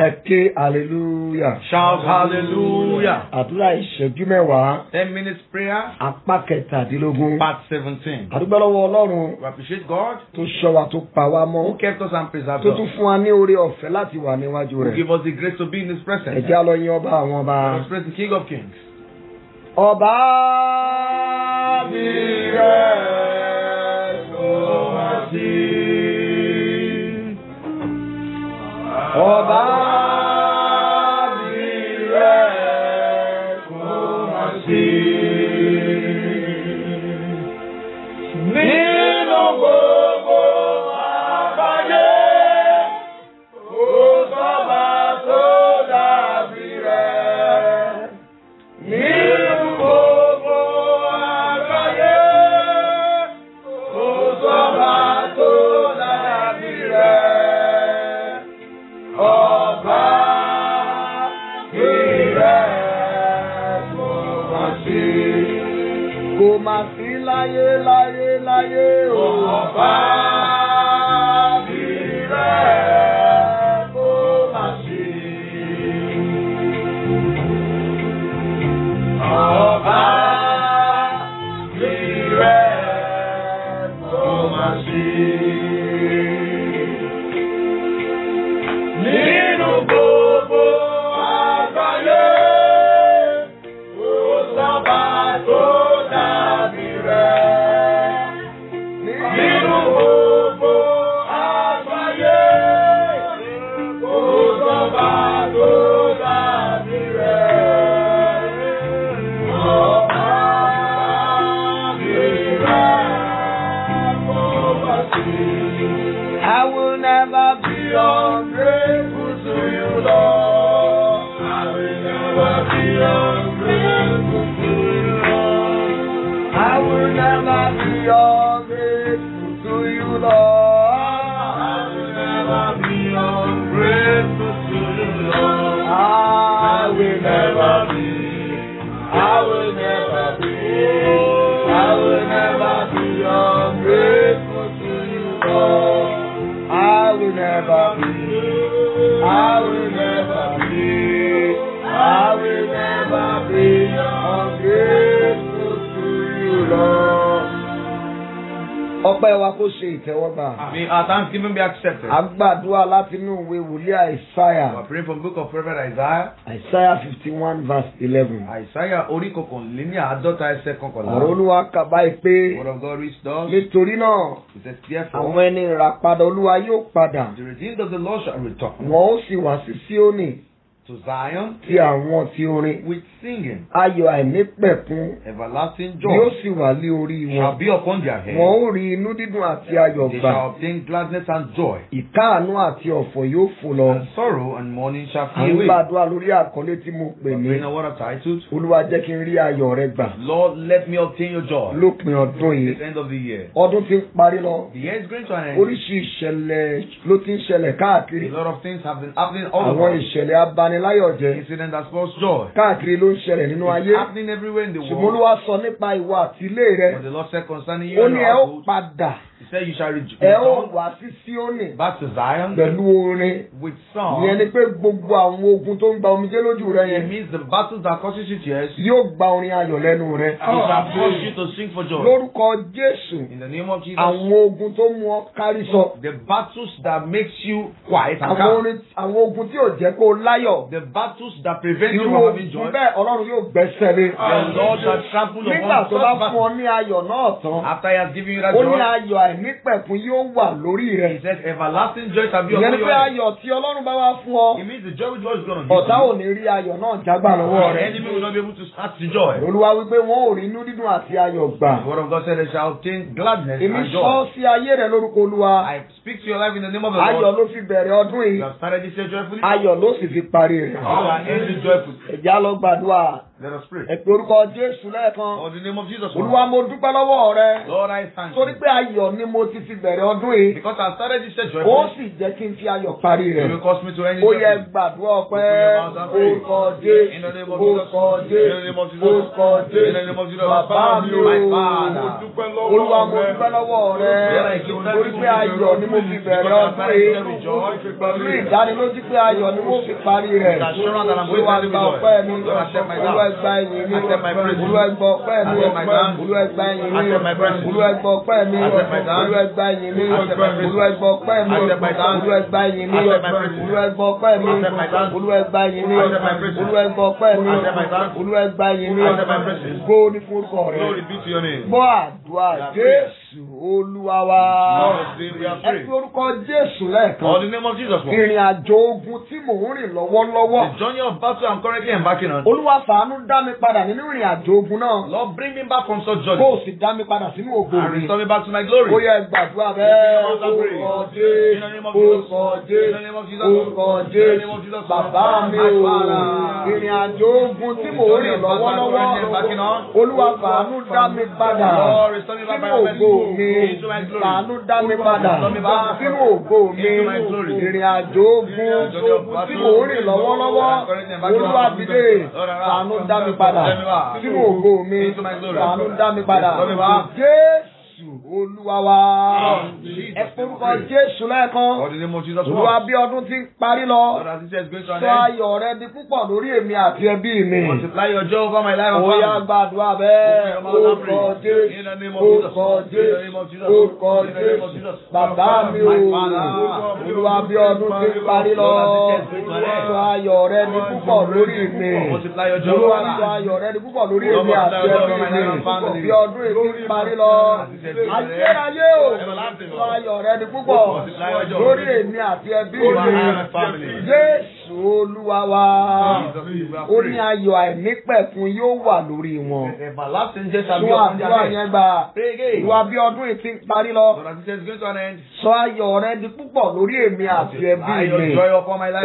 Ẹ ké hallelujah. Shout hallelujah. Àdúrà ìṣẹ́jú mẹ́wàá. Ten minutes prayer. Apá kẹtàdínlógún. Part seventeen. Àdúgbò lọ́wọ́ Ọlọ́run. We appreciate God. Tó ṣọ́ wa tó pa wá mọ́. Who kept us and preserved us. Tó tún fún wa ní oore ọ̀fẹ́ láti wà níwájú rẹ̀. Who gave us the grace to be in his presence. Ẹ jẹ́ a lọ ọba àwọn ọba. Express the king of kings. Ọba mi. kumasila yelayelayeo oh, ọpẹ́ wa kó ṣe ìtẹ́wọ́gbà. may our thanksgiving be accepted. a gbàdúrà láti inú ìwé wòlíì àìsáyà. we are praying from book of prophet Isaiah. Isaiah fifty one verse eleven. Isaiah, orí kọkànléní àádọ́ta ẹsẹ̀ kọkànlá. ọ̀rọ̀ olúwa kàbá yìí pé. word of God reached us. nítorí náà. it says therefore. àwọn ẹni ìràpadà olúwa yóò padà. the redeemed of the Lord shall return. wọ́n ó sì wá sí Síónì to Zion. Ti àwọn ti orin. With singing. Ayọ̀ àìnípẹ̀kun. Everlasting joy. Yóò sì wà lé orí wọn. Shall be upon their head. Wọn ó rí inú dídùn àti ayọ̀ gbà. They shall obtain gladness and joy. Ìkáàánú àti ọ̀fọ̀ yóò fò lọ. And sorrow and mourning shall flee away. Àwọn gbàdúrà lórí àkọlé tí mo pè ní. Ọ̀gbìn náà wọ́n ra Olúwa jẹ́ kí n rí ayọ̀ rẹ gbà. Lord let me obtain your joy. Lópin ọdún yìí. The end of the year. Ọdún ti ń parí lọ. The year is going to an end. Oríṣi ìṣẹ̀lẹ̀ ló ti ń ṣẹlẹ̀ káàkiri. A lot of things have been happening all over. Àwọn ìṣẹ̀lẹ̀ abánilá láyọ̀ jẹ́. incident that cause joy. káàkiri ló ń ṣẹlẹ̀ nínú ayé. it's happening everywhere in the world. ṣùgbọ́n olúwa sọ nípa ìwà àtìlé rẹ. but the Lord said concerning you and your household. ó ní ẹ ó padà. he said you shall return. ẹ ó wá sí Síónì. back to Zion. pẹ̀lú orin. with song. ìyẹn ni pé gbogbo àwọn ogun tó ń gba omijé lójú rẹ yẹn. it means the battles that cause you tears. yóò gba orin ayọ̀ lẹ́nu rẹ. it shall cause you to sing for joy. lórúkọ Jésù. in the name of Jesus. àwọn ogun tó mú ọ kárí sọ. the battles that makes you quiet and calm. àwọn orin àwọn ogun tí ò jẹ́ kó láyọ̀ The battles that prevent you from having joy. Bẹ́ẹ̀ Ọlọ́run yóò gbẹ́sẹ̀ lé. Ah, the Lord shall trample upon nígbà tó bá fún ọ ní ayọ̀ náà tán. After he has given you that joy. Ó ní ayọ̀ àìnípẹ̀kun yóò wà lórí rẹ̀. He says everlasting joy shall be upon you. Ìyẹn ni pé ayọ̀ tí Ọlọ́run bá wá fún ọ. It means the joy which God is gonna give you. Ọ̀tá ò ní rí ayọ̀ náà jágbà lọ́wọ́ rẹ̀. Enemy will not be able to start the joy. Olúwa wípé wọn ò rí inú dídùn àti ayọ̀ gbà. The word of God said they shall obtain gladness and joy. I speak to your life in the name of the Lord. You have started this joyfully parí rẹ̀. ẹ̀já lọ gbàdúrà. Let us pray. Ẹ̀pẹ́ orúkọ Jésù lẹ́ẹ̀kan. For the name of Jesus. Olúwa mo dúpẹ́ lọ́wọ́ rẹ. Lord I thank you. Torí pé ayọ̀ ni mo ti fi bẹ̀rẹ̀ ọdún yìí. Because I started this church joyfully. Ó sì jẹ́ kí n fi ayọ̀ parí rẹ̀. You will cause me to end it. Ó yẹ gbàdúrà ọpẹ́. Orúkọ Jésù. Orúkọ Jésù. Orúkọ Jésù. Bàbá mi o. Olúwa mo dúpẹ́ lọ́wọ́ rẹ. Torí pé ayọ̀ ni mo fi bẹ̀rẹ̀ ọdún yìí. Ní ìdánilójú pé ayọ̀ ni mo fi parí rẹ̀. Olúwa gba ọpẹ́ mi. Olúwa gba ẹ̀yìn mi olúwa gbọ́ ọpẹ́ mi olúwa gba ẹ̀yìn mi olúwa gbọ́ ọpẹ́ mi olúwa gba ẹ̀yìn mi olúwa gbọ́ ọpẹ́ mi olúwa gba ẹ̀yìn mi olúwa gbọ́ ọpẹ́ mi olúwa gba ẹ̀yìn mi olúwa gbọ́ ọpẹ́ mi olúwa gba ẹ̀yìn mi gbóni fún kọrin gbọ́ àdúrà Jésù olúwa wa. ẹ fi orúkọ jésù lẹ́ẹ̀kan. the name of jesus ìrìn àjò ogun tí mò ń rìn lọ́wọ́lọ́wọ́. olúwa fàánú dá mi padà nínú ìrìn àjò ogun náà. lord bring me back from such journey. kó o sì dá mi padà sínú ògo mi. restore me back to my glory. ó yẹ gbàdúrà bẹ́ẹ̀. orúkọ jésù orúkọ jésù orúkọ jésù bàbá mi o. ìrìn àjò ogun tí mò ń rìn lọ́wọ́lọ́wọ́. olúwa fàánú dá mi padà sínú ògo mi mi ta ló dá mi padà sínú ògo mi ìrìn àjò ogun tí mò ń rìn lọ́wọ́lọ́wọ́ olúwa ti dé ta ló dá mi padà sínú ògo mi ta ló dá mi padà jésù jésù olúwa wa ẹ forúkọ jésù lẹ́ẹ̀kan olúwa bí ọdún ti parí lọ sọ ayọ̀ rẹ di púpọ̀ lórí èmi àti ẹbí mi òyà gbàdúrà bẹ́ẹ̀ orúkọ jésù orúkọ jésù orúkọ jésù bàbá mi o olúwa bí ọdún ti parí lọ sọ ayọ̀ rẹ di púpọ̀ lórí èmi olúwa sọ ayọ̀ rẹ di púpọ̀ lórí èmi àti ẹbí mi bí ọdún èmi parí lọ. Ayérayé o, ayọ̀ rẹ ni púpọ̀, lórí èmi àti ẹbí mi, Jésù Olúwa ó ní ayọ̀ àìnípẹ̀kun yóò wà lórí wọn. Sọ àdúrà yẹn gbà, ìwà bí ọdún yìí ti parí lọ. Sọ ayọ̀ rẹ di púpọ̀ lórí èmi àti ẹbí mi.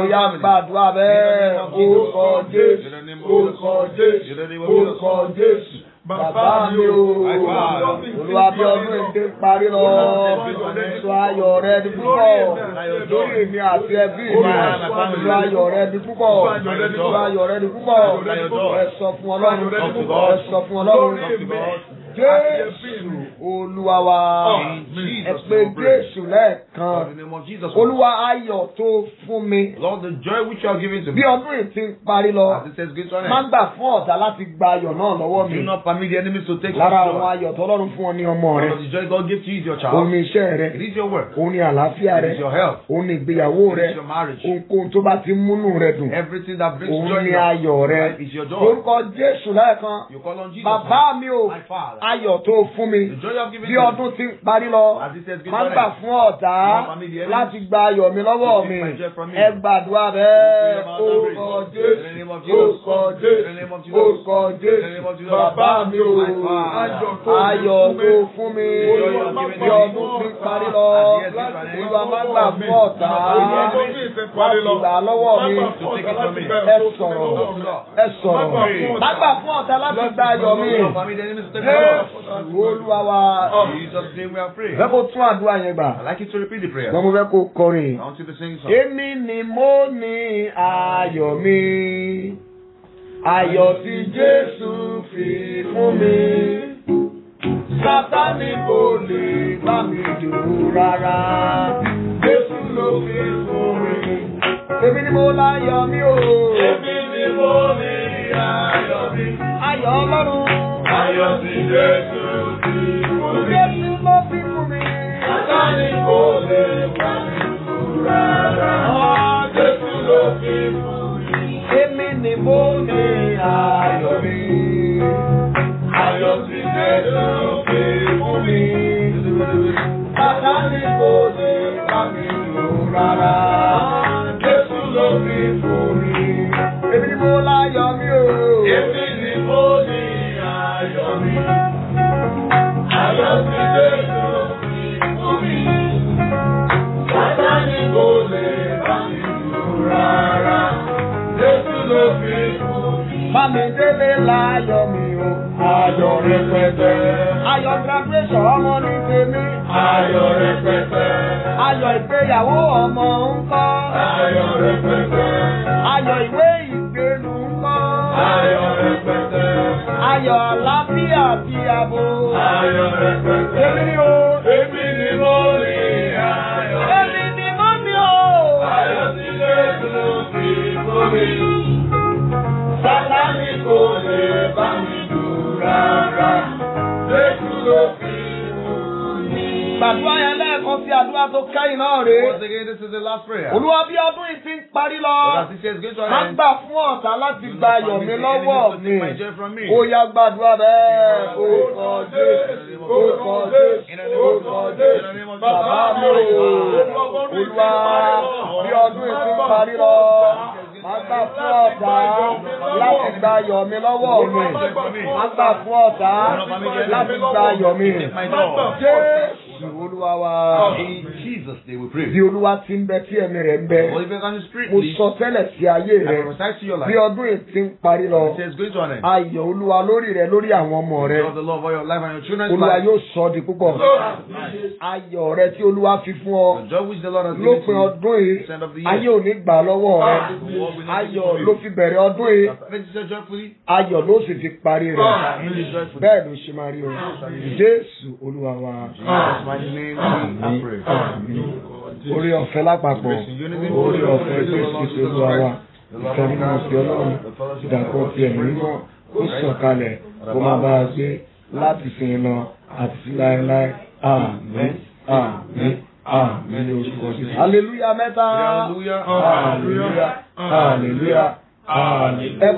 Ó yá gbàdúrà bẹ́ẹ̀, orúkọ Jésù, orúkọ Jésù, orúkọ Jésù. Bàbá mi o, olúwa bí ọdún èdè parí lọ, sọ ayọ̀ rẹ di púpọ̀, lórí èmi àti ẹbí mi, sọ ayọ̀ rẹ di púpọ̀, sọ ayọ̀ rẹ di púpọ̀, ẹ sọ fún Ọlọ́run, ẹ sọ fún Ọlọ́run. Jésù Olúwa wa. Ẹ pé Jésù lẹ́ẹ̀kan. ayọ̀ tó fún mi. Lord the joy which you are giving to me. Bí ọdún yìí ti ń parí lọ. As it says great honor. gbà fún ọ̀tá láti gba ayọ̀ náà lọ́wọ́ mi. Do not permit the enemy to take your joy. Lára àwọn ayọ̀ tọ́lọ́run fún ọ ní ọmọ rẹ. The joy God gave to you your child. Omi iṣẹ́ rẹ. your work. Òun ni àlàáfíà rẹ. your health. Òun ni ìgbéyàwó rẹ. your marriage. Ohunkóhun tó bá ti múnú rẹ dùn. Everything that brings joy. Òun ni ayọ̀ rẹ. It your joy. Lórúkọ Jésù lẹ́ẹ̀kan. You Jesus. Bàbá mi o. My father ayọ̀ tó fún mi bí ọdún ti ń parí lọ máa ń gbà fún ọ̀tá láti gba ayọ̀ mi lọ́wọ́ mi ẹ gbàdúrà bẹ́ẹ̀ orúkọ jésù orúkọ jésù orúkọ jésù bàbá mi ò ayọ̀ tó fún mi bí ọdún ti ń parí lọ olúwa máa ń gbà fún ọ̀tá láti gbà lọ́wọ́ mi ẹ sọ̀rọ̀ ẹ sọ̀rọ̀ máa gbà fún ọ̀tá láti gba ayọ̀ mi. Olúwa wa. Jesus oh, we are praying. Fẹ́ kó tún àdúrà yẹn gbà. I like you to repeat the prayer. Wọ́n mo fẹ́ kó kọrin. I want you to sing song. Èmi ni mo ní ayọ̀ mi. Ayọ̀ tí Jésù fi fún mi. Sátánì kò lè bá mi dùn rárá. Jésù ló fi fún mi. Èmi ni mo láyọ̀ mi o. Èmi ni mo ní ayọ̀ mi. Ayọ̀ Ọlọ́run ayọ̀ sí Jésù tí mo bí. Jésù ló bí fún mi. Sátánì kò lè wá nínú rárá. Ah, Jésù ló bí fún mi. Èmi ni mo ní ayọ̀ mi. Ayọ̀ sí Jésù tí mo bí. Sátánì kò lè wá nínú rárá. Ah, Jésù ló bí fún mi. Èmi ni mo láyọ̀ mi o. Èmi Bámidélé láyọ̀ mi o. Ayọ̀ rẹpẹtẹ. Ayọ̀ graduation ọmọ ní tèmi. Ayọ̀ rẹpẹtẹ. Ayọ̀ ìgbéyàwó ọmọ ń àti àbò. am í àdúrà tó kẹ́yìn náà rèé. once again this is the last prayer. olúwa bí ọdún yìí ti ń parí lọ. but as it says go to an end. má gbà fún ọ̀tá láti gba ayọ̀ mi lọ́wọ́ mi. ó yá gbàdúrà bẹ́ẹ̀. orúkọ jésù orúkọ jésù orúkọ jésù bàbá mi ò olúwa bí ọdún yìí ti ń parí lọ agbá fún ọ̀tá láti gba ayọ̀ lọ́wọ́ mi agbá fún ọ̀tá láti gba ayọ̀ mi Chihuahua. Oh, Jesus name we pray. Bí Olúwa ti ń bẹ tí ẹ̀mí rẹ̀ ń bẹ. Holy Spirit and the Spirit lead. Mo sọ tẹ́lẹ̀ sí ayé rẹ̀. I prophesy to your life. Bí ọdún yìí ti ń parí lọ. It says going to an end. Ayọ̀ Olúwa lórí rẹ̀ lórí àwọn ọmọ rẹ̀. Because the Lord all your life and your children's life. Olúwa yóò sọ di púpọ̀. Ah, ayọ̀ rẹ̀ tí Olúwa fi fún ọ. The joy which the Lord has given to you. Lópin ọdún yìí. Ayé ò ní gbà lọ́wọ́ rẹ̀. Ah, ayọ̀ ló fi bẹ̀rẹ̀ ọdún yìí. Ayọ̀ ló sì ti parí rẹ̀. Ah, Bẹ́ẹ̀ ló ṣe máa rí o. Jésù Olúwa wa. Amen. Amen orí ọ̀fẹ́ lápapọ̀ orí ọ̀fẹ́ Kristi pẹ̀lú àwa ìfẹ́mímọ́ ti ọlọ́run ìdàpọ̀ ti ẹ̀mí mímọ́ ó sọ̀kalẹ̀ kó máa bá a gbé láti sin lọ àti láéláé àmín àmín àmín ní orúkọ Jésù. hallelujah mẹ́ta hallelujah hallelujah hallelujah.